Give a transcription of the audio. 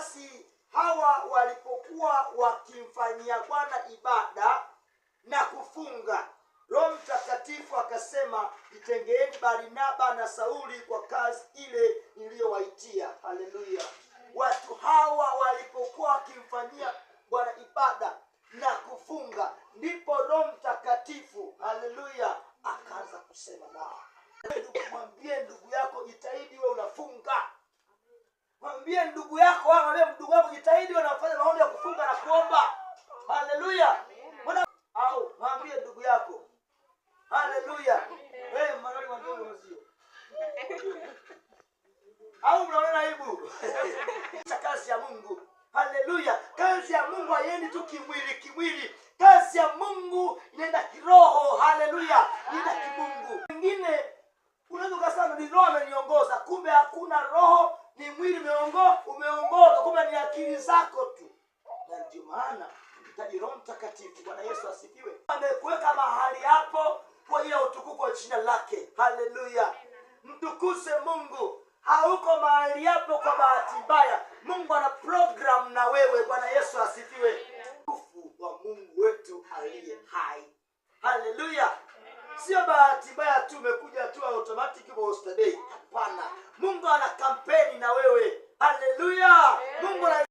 basi hawa walipokuwa wakimfanyia Bwana ibada na kufunga, Roho Mtakatifu akasema, itengeeni Barnaba na Sauli kwa kazi ile niliyowaitia. Haleluya! Watu hawa walipokuwa wakimfanyia Bwana ibada na kufunga, ndipo Roho Mtakatifu, haleluya, akaanza kusema nao. Mwambie ndugu yako, jitahidi we unafunga. Mwambie ndugu yako ndugu yako, jitahidi wanafanya maombi ya kufunga na kuomba. Haleluya, au mwambie ndugu yako haleluya. Wewe mwanani wa ndugu mzio, au mnaona aibu kazi ya Mungu. Haleluya, kazi ya Mungu haiendi tu kimwili kimwili, kazi ya Mungu inaenda kiroho. Haleluya, inaenda kimungu. Wengine unaweza ukasema ni roho ameniongoza, kumbe hakuna roho, ni mwili umeongoza zako tu, na ndio maana tunahitaji Roho Mtakatifu. Bwana Yesu asifiwe, amekuweka mahali hapo kwa ajili ya utukufu wa jina lake. Haleluya, mtukuse Mungu. Hauko mahali hapo kwa bahati mbaya, Mungu ana program na wewe. Bwana Yesu asifiwe, utukufu wa Mungu wetu aliye hai. Haleluya. Sio bahati mbaya tu, umekuja tu automatic. Hapana, Mungu ana kampeni